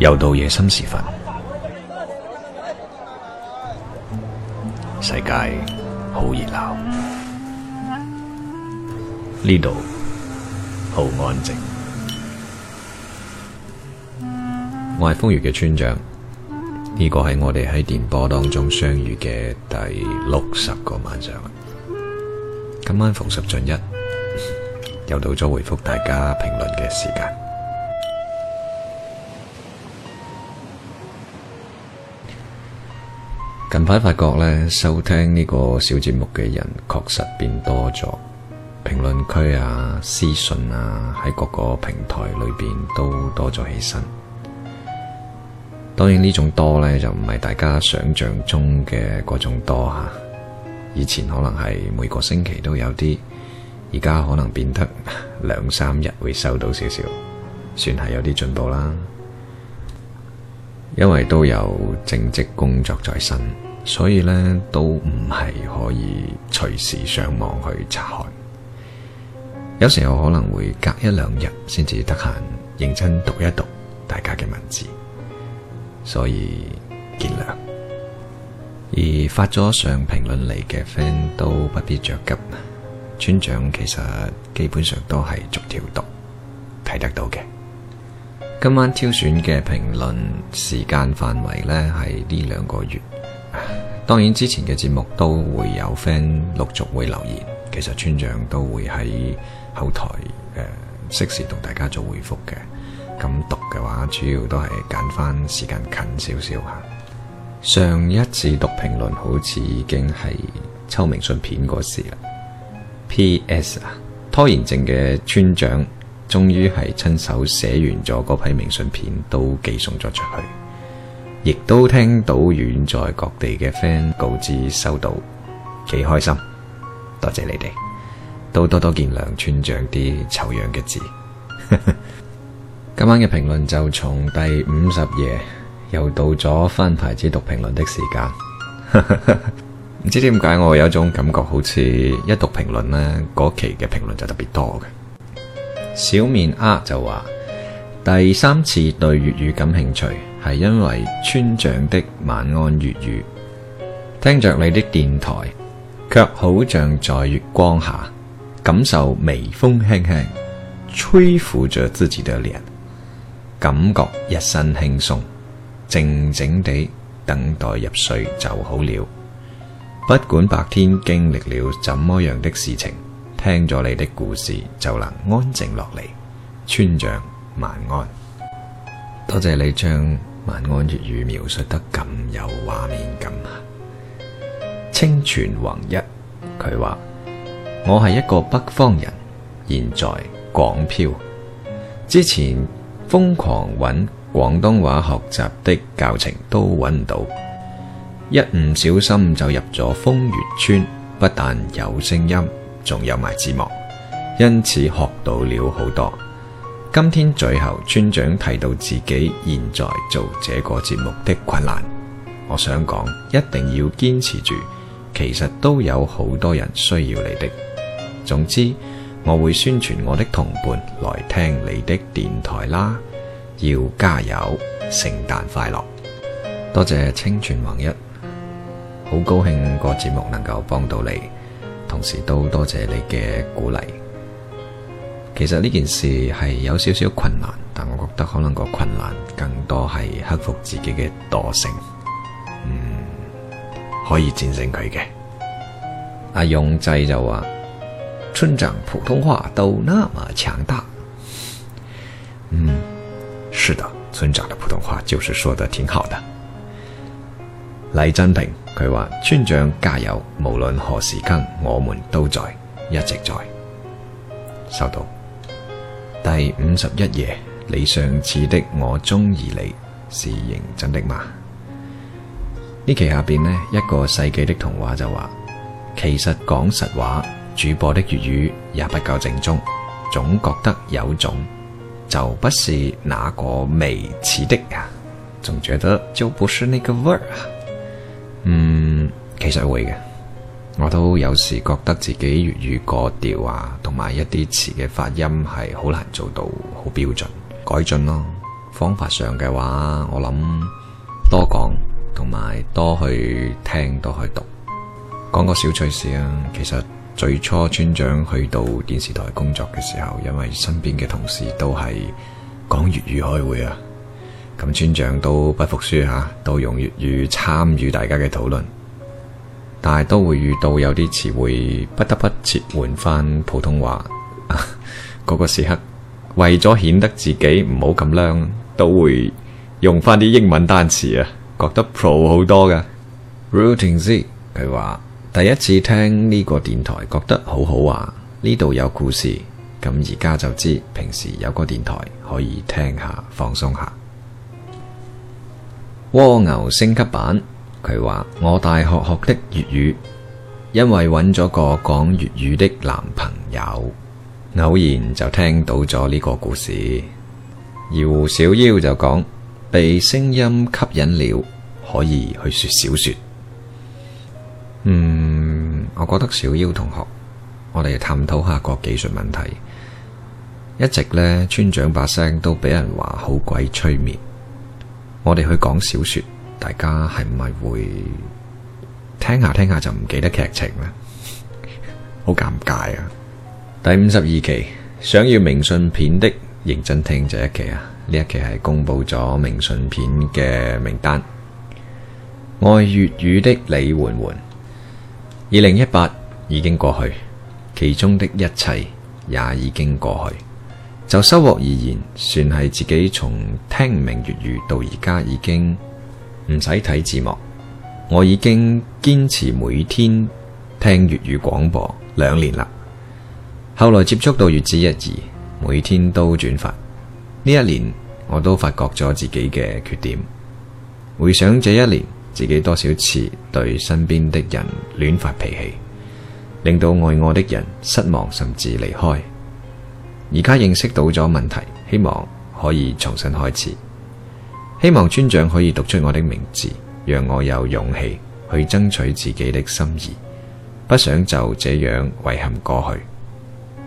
又到夜深時分，世界好熱鬧，呢度好安靜。我係瘋粵嘅村長，呢個係我哋喺電波當中相遇嘅第六十個晚上。今晚逢十進一，又到咗回覆大家評論嘅時間。喺發覺咧，收聽呢個小節目嘅人確實變多咗，評論區啊、私信啊，喺各個平台裏邊都多咗起身。當然呢種多呢，就唔係大家想象中嘅嗰種多吓。以前可能係每個星期都有啲，而家可能變得兩三日會收到少少，算係有啲進步啦。因為都有正職工作在身。所以呢，都唔係可以隨時上網去查看。有時候可能會隔一兩日先至得閒認真讀一讀大家嘅文字。所以見諒。而發咗上評論嚟嘅 friend 都不必着急，村長其實基本上都係逐條讀睇得到嘅。今晚挑選嘅評論時間範圍呢，係呢兩個月。當然之前嘅節目都會有 friend 陸續會留言，其實村長都會喺後台誒、呃，適時同大家做回覆嘅。咁讀嘅話，主要都係揀翻時間近少少吓。上一次讀評論好似已經係抽明信片嗰時啦。P.S. 啊，拖延症嘅村長終於係親手寫完咗嗰批明信片，都寄送咗出去。亦都聽到遠在各地嘅 fan 告知收到，幾開心，多謝你哋，都多,多多見諒村長啲醜樣嘅字。 今晚嘅評論就從第五十夜又到咗翻牌子讀評論的時間，唔 知點解我有種感覺，好似一讀評論呢，嗰期嘅評論就特別多嘅。小面阿，就話第三次對粵語感興趣。係因為村長的晚安粵語，聽着你的電台，卻好像在月光下感受微風輕輕吹拂着自己的臉，感覺一身輕鬆，靜靜地等待入睡就好了。不管白天經歷了怎麼樣的事情，聽咗你的故事就能安靜落嚟。村長晚安，多謝你將。晚安粵語描述得咁有畫面感啊！清泉泓一，佢話我係一個北方人，現在港漂。之前瘋狂揾廣東話學習的教程都揾唔到，一唔小心就入咗瘋粵村，不但有聲音，仲有埋字幕，因此學到了好多。今天最後，村長提到自己現在做這個節目的困難，我想講一定要堅持住，其實都有好多人需要你的。總之，我會宣傳我的同伴來聽你的電台啦，要加油，聖誕快樂！多謝清泉泓一，好高興個節目能夠幫到你，同時都多謝你嘅鼓勵。其實呢件事係有少少困難，但我覺得可能個困難更多係克服自己嘅惰性，嗯，可以戰勝佢嘅。阿勇際就話：村長普通話都那麼強大，嗯，是的，村長嘅普通話就是說得挺好的。黎振萍佢話：村長加油，無論何時更，我們都在，一直在，收到。第五十一夜，你上次的我鍾意你，是認真的嗎？呢期下邊呢，一個世紀的童話就話，其實講實話，主播的粵語也不夠正宗，總覺得有種就不是那個味似的呀，總覺得就不是那個味兒啊，嗯，其實會嘅。我都有時覺得自己粵語個調啊，同埋一啲詞嘅發音係好難做到好標準，改進咯。方法上嘅話，我諗多講同埋多去聽，多去讀。講個小趣事啊，其實最初村長去到電視台工作嘅時候，因為身邊嘅同事都係講粵語開會啊，咁村長都不服輸吓啊，都用粵語參與大家嘅討論。但係都會遇到有啲詞會不得不切換返普通話。嗰 個時刻，為咗顯得自己唔好咁靚，都會用返啲英文單詞啊，覺得 pro 好多嘅。RoutingZ，佢話第一次聽呢個電台，覺得好好啊，呢度有故事。咁而家就知，平時有個電台可以聽下放鬆下。蝸牛升級版。佢話我大學學的粵語，因為揾咗個講粵語的男朋友，偶然就聽到咗呢個故事。而胡小夭就講被聲音吸引了，可以去說小說。嗯，我覺得小夭同學，我哋探討下個技術問題。一直呢，村長把聲都俾人話好鬼催眠，我哋去講小說。大家係咪會聽下聽下就唔記得劇情咧？好 尷尬啊！第五十二期，想要明信片的認真聽這一期啊。呢一期係公布咗明信片嘅名單。愛粵語的李媛媛。二零一八已經過去，其中的一切也已經過去。就收穫而言，算係自己從聽唔明粵語到而家已經。唔使睇字幕，我已經堅持每天聽粵語廣播兩年啦。後來接觸到粵知一二，每天都轉發。呢一年我都發覺咗自己嘅缺點。回想這一年，自己多少次對身邊的人亂發脾氣，令到愛我的人失望甚至離開。而家認識到咗問題，希望可以重新開始。希望村長可以讀出我的名字，讓我有勇氣去爭取自己的心意。不想就這樣遺憾過去。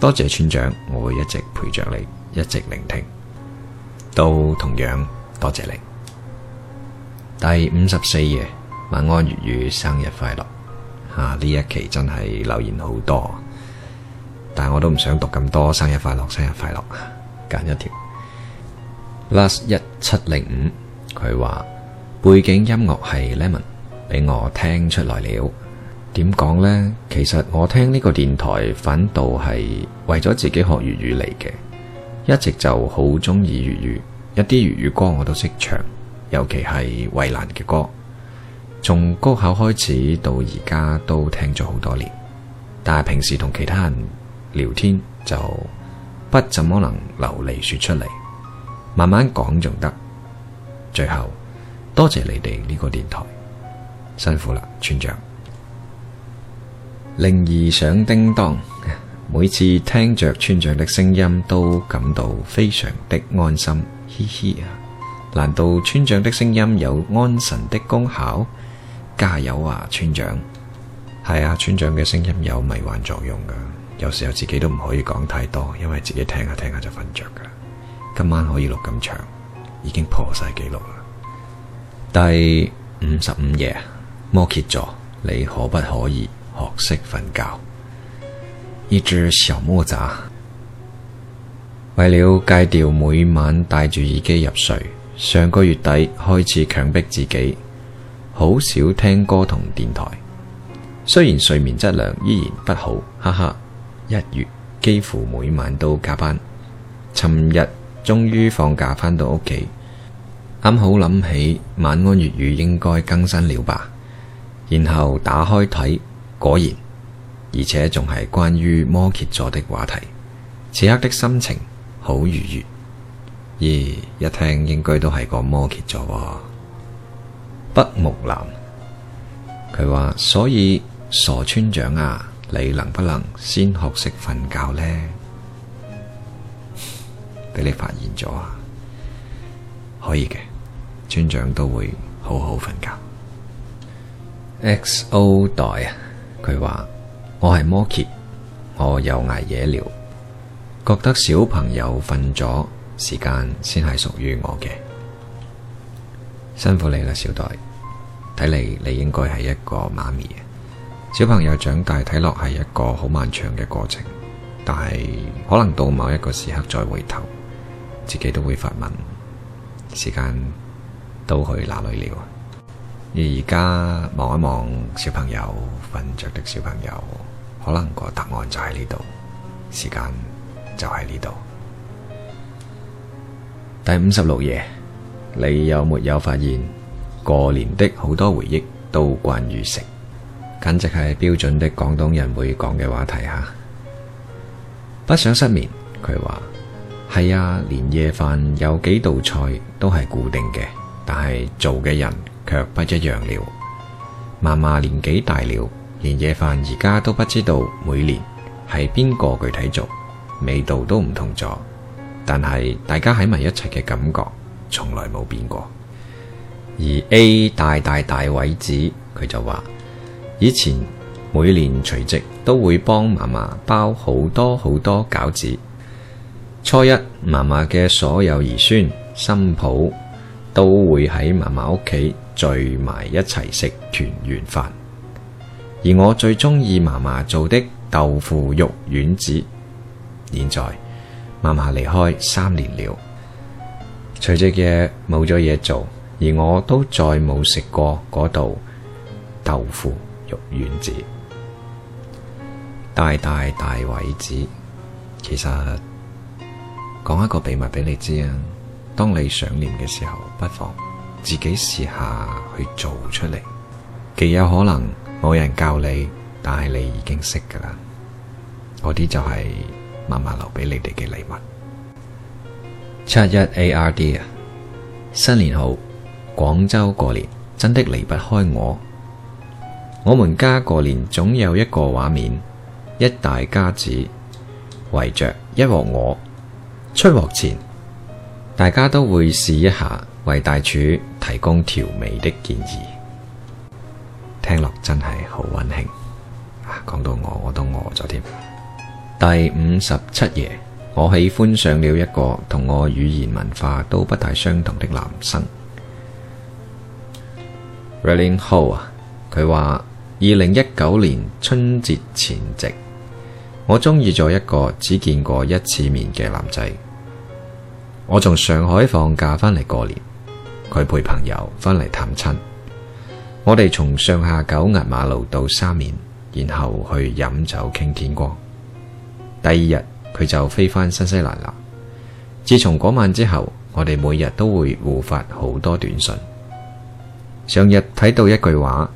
多謝村長，我會一直陪着你，一直聆聽。都同樣多謝你。第五十四夜，晚安粵語，生日快樂。吓、啊，呢一期真係留言好多，但我都唔想讀咁多。生日快樂，生日快樂，揀一條。last 一七零五，佢話背景音樂係 lemon，俾我聽出來了。點講呢？其實我聽呢個電台，反倒係為咗自己學粵語嚟嘅。一直就好中意粵語，一啲粵語歌我都識唱，尤其係衛蘭嘅歌。從高考開始到而家都聽咗好多年，但係平時同其他人聊天就不怎麼能流利說出嚟。慢慢講仲得，最後多謝你哋呢個電台，辛苦啦，村長。靈兒想叮當，每次聽着村長的聲音都感到非常的安心，嘻嘻啊！難道村長的聲音有安神的功效？加油啊，村長！係啊，村長嘅聲音有迷幻作用噶，有時候自己都唔可以講太多，因為自己聽下聽下就瞓着噶。今晚可以錄咁長，已經破晒記錄啦。第五十五夜摩羯座，你可不可以學識瞓覺？一隻小木砸，為了戒掉每晚戴住耳機入睡，上個月底開始強迫自己，好少聽歌同電台。雖然睡眠質量依然不好，哈哈。一月幾乎每晚都加班，尋日，終於放假翻到屋企，啱好諗起晚安粵語應該更新了吧，然後打開睇，果然，而且仲係關於摩羯座的話題。此刻的心情好愉悅，咦，一聽應該都係個摩羯座喎。北木南，佢話：所以傻村長啊，你能不能先學識瞓覺呢？俾你發現咗啊！可以嘅，村長都會好好瞓覺。XO 代啊，佢話：我係摩羯，我又捱夜了，覺得小朋友瞓咗，時間先係屬於我嘅。辛苦你啦，小代。睇嚟你應該係一個媽咪，小朋友長大，睇落係一個好漫長嘅過程，但係可能到某一個時刻再回頭。自己都會發問，時間都去哪裏了？而家望一望小朋友瞓着的小朋友，可能個答案就喺呢度，時間就喺呢度。第五十六夜，你有沒有發現過年的好多回憶都關於食，簡直係標準的廣東人會講嘅話題嚇。不想失眠，佢話。係啊，年夜飯有幾道菜都係固定嘅，但係做嘅人卻不一樣了。媽媽年紀大了，年夜飯而家都不知道每年係邊個具體做，味道都唔同咗。但係大家喺埋一齊嘅感覺從來冇變過。而 A 大大大偉子佢就話，以前每年除夕都會幫媽媽包好多好多餃子。初一，嫲嫲嘅所有兒孫、新抱都會喺嫲嫲屋企聚埋一齊食團圓飯。而我最鍾意嫲嫲做的豆腐肉丸子。現在媽媽離開三年了，除夕夜冇咗嘢做，而我都再冇食過嗰道豆腐肉丸子。大大大偉子，其實。講一個秘密俾你知啊！當你想念嘅時候，不妨自己試下去做出嚟，極有可能冇人教你，但係你已經識噶啦。嗰啲就係媽媽留俾你哋嘅禮物。七一 A R D 啊！新年好，廣州過年真的離不開鵝。我們家過年總有一個畫面，一大家子圍着一鑊鵝。出鍋前，大家都會試一下，為大廚提供調味的建議。聽落真係好温馨啊！講到我，我都餓咗添。第五十七夜，我喜歡上了一個同我語言文化都不太相同的男生，Raylene Ho 啊！佢話二零一九年春節前夕。我中意咗一個只見過一次面嘅男仔。我從上海放假返嚟過年，佢陪朋友返嚟探親。我哋從上下九壓馬路到沙面，然後去飲酒傾天光。第二日，佢就飛返新西蘭啦。自從嗰晚之後，我哋每日都會互發好多短信。上日睇到一句話：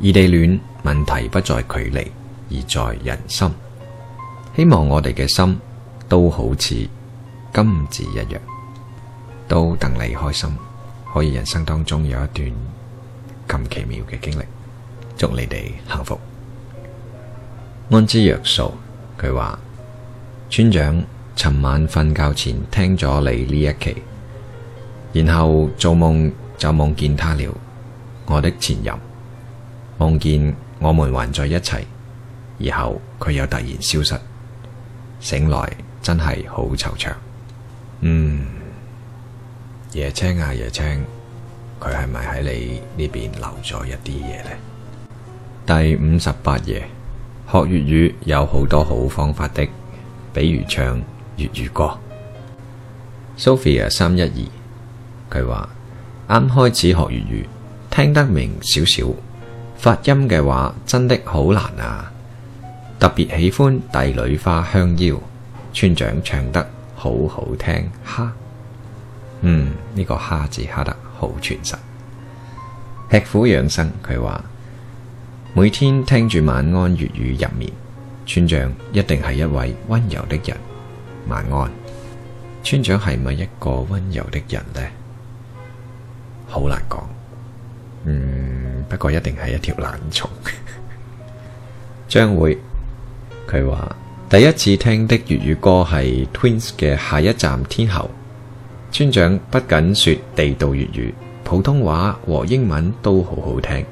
異地戀，問題不在距離，而在人心。希望我哋嘅心都好似金子一樣，都等你開心，可以人生當中有一段咁奇妙嘅經歷。祝你哋幸福。安之若素，佢話村長尋晚瞓覺前聽咗你呢一期，然後做夢就夢見他了，我的前任，夢見我們還在一起，然後佢又突然消失。醒來真係好惆悵，嗯，夜青啊夜青，佢係咪喺你呢邊留咗一啲嘢呢？第五十八夜，學粵語有好多好方法的，比如唱粵語歌。Sophia 三一二，佢話啱開始學粵語，聽得明少少，發音嘅話真的好難啊。特別喜歡帝女花香夭，村長唱得好好聽，哈，嗯，呢個哈字哈得好傳神。吃苦養生，佢話每天聽住晚安粵語入面，村長一定係一位溫柔的人。晚安，村長係咪一個溫柔的人呢？好難講，嗯，不過一定係一條懶蟲，將 會。佢話第一次聽的粵語歌係 Twins 嘅《下一站天后》。村長不僅說地道粵語，普通話和英文都好好聽。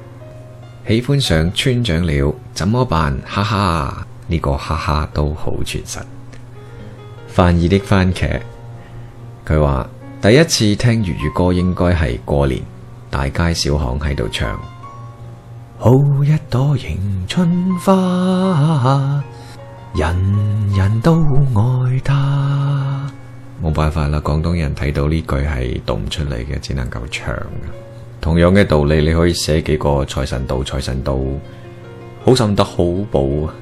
喜歡上村長了，怎麼辦？哈哈，呢個哈哈都好傳神。范兒的番茄，佢話第一次聽粵語歌應該係過年，大街小巷喺度唱。好一朵迎春花。人人都愛他，冇辦法啦！廣東人睇到呢句係讀唔出嚟嘅，只能夠唱。同樣嘅道理，你可以寫幾個財神到財神到，好心得好報啊！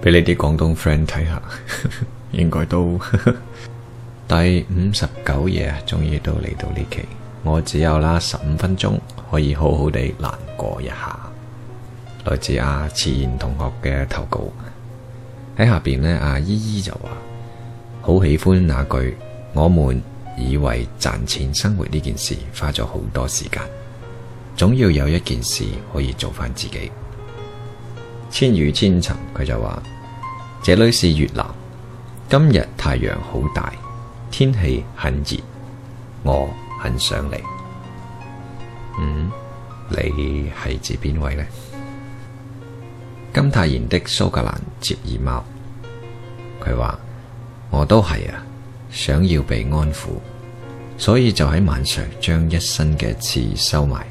俾你啲廣東 friend 睇下， 應該該都。 第五十九夜啊，終於都嚟到呢期，我只有啦十五分鐘可以好好地難過一下。來自阿慈賢同學嘅投稿。喺下邊咧，阿姨姨就話好喜歡那句，我們以為賺錢生活呢件事花咗好多時間，總要有一件事可以做翻自己。千與千尋佢就話這裏是越南，今日太陽好大，天氣很熱，我很想你。」嗯，你係指邊位呢？金泰妍的蘇格蘭折耳貓，佢話：我都係啊，想要被安撫，所以就喺晚上將一身嘅刺收埋，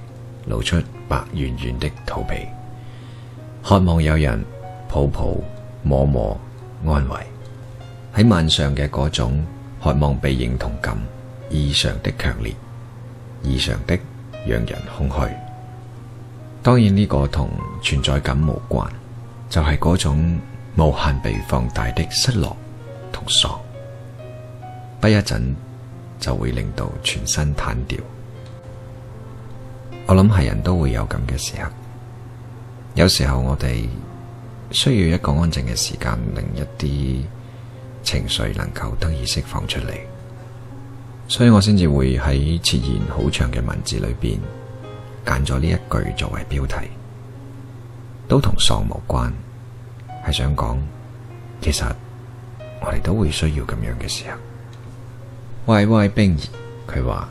露出白圓圓的肚皮，渴望有人抱抱摸摸安慰。喺晚上嘅嗰種渴望被認同感，異常的強烈，異常的讓人空虛。當然呢個同存在感無關。就係嗰種無限被放大的失落同傻，不一陣就會令到全身癱掉。我諗係人都會有咁嘅時刻，有時候我哋需要一個安靜嘅時間，令一啲情緒能夠得以釋放出嚟。所以我先至會喺前言好長嘅文字裏邊揀咗呢一句作為標題，都同喪無關。係想講，其實我哋都會需要咁樣嘅時候。歪歪冰兒佢話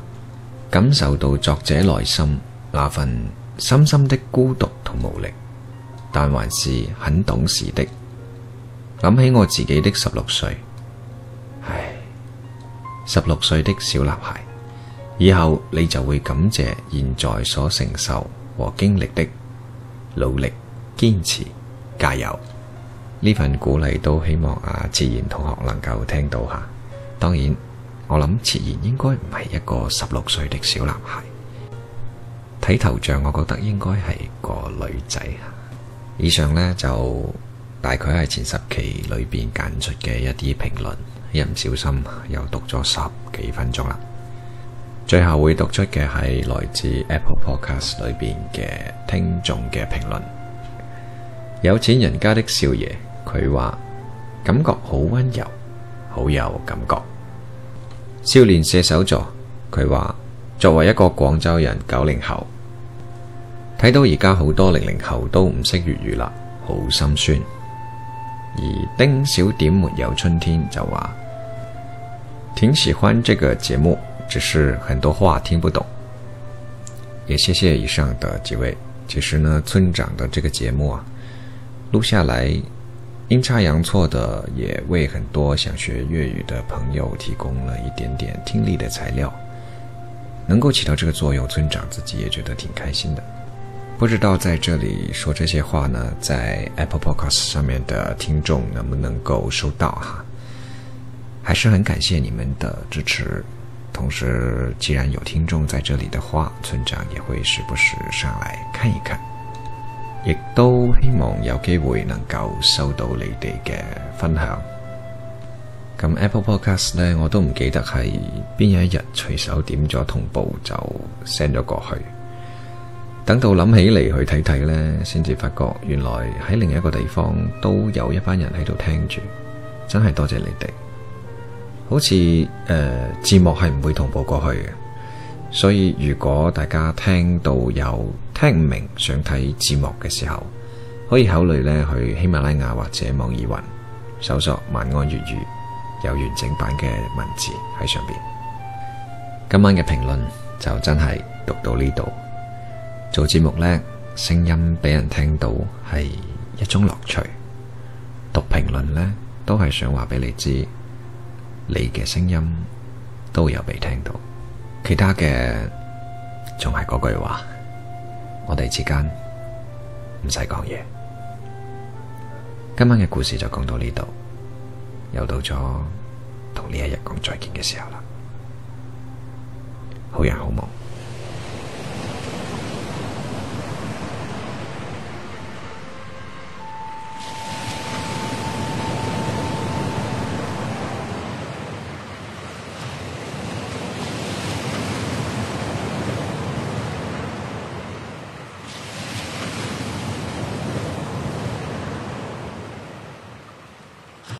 感受到作者內心那份深深的孤獨同無力，但還是很懂事的。諗起我自己的十六歲，唉，十六歲的小男孩，以後你就會感謝現在所承受和經歷的努力、堅持，加油！呢份鼓勵都希望阿、啊、自然同學能夠聽到下。當然，我諗自然應該唔係一個十六歲的小男孩，睇頭像我覺得應該係個女仔。以上呢，就大概係前十期裏邊揀出嘅一啲評論，一唔小心又讀咗十幾分鐘啦。最後會讀出嘅係來自 Apple Podcast 裏邊嘅聽眾嘅評論。有錢人家的少爺。佢話感覺好温柔，好有感覺。少年射手座佢話作為一個廣州人九零後，睇到而家好多零零後都唔識粵語啦，好心酸。而丁小點沒有春天就話，挺喜歡這個節目，只是很多話聽不懂。也謝謝以上的幾位。其實呢，村長的這個節目啊，錄下來。陰差陽錯的，也為很多想學粵語的朋友提供了一點點聽力的材料，能夠起到這個作用，村長自己也覺得挺開心的。不知道在這裏說這些話呢，在 Apple Podcast 上面的聽眾能不能夠收到哈？還是很感謝你們的支持。同時，既然有聽眾在這裏的話，村長也會時不時上來看一看。亦都希望有機會能夠收到你哋嘅分享。咁 Apple Podcast 呢，我都唔記得係邊一日隨手點咗同步就 send 咗過去。等到諗起嚟去睇睇呢，先至發覺原來喺另一個地方都有一班人喺度聽住，真係多謝你哋。好似誒、呃、字幕係唔會同步過去嘅。所以，如果大家聽到有聽唔明，想睇字幕嘅時候，可以考慮呢去喜馬拉雅或者網易雲搜索《晚安粵語》，有完整版嘅文字喺上邊。今晚嘅評論就真係讀到呢度。做節目呢，聲音俾人聽到係一種樂趣。讀評論呢，都係想話俾你知，你嘅聲音都有被聽到。其他嘅仲係嗰句話，我哋之間唔使講嘢。今晚嘅故事就講到呢度，又到咗同呢一日講再見嘅時候啦。好人好夢。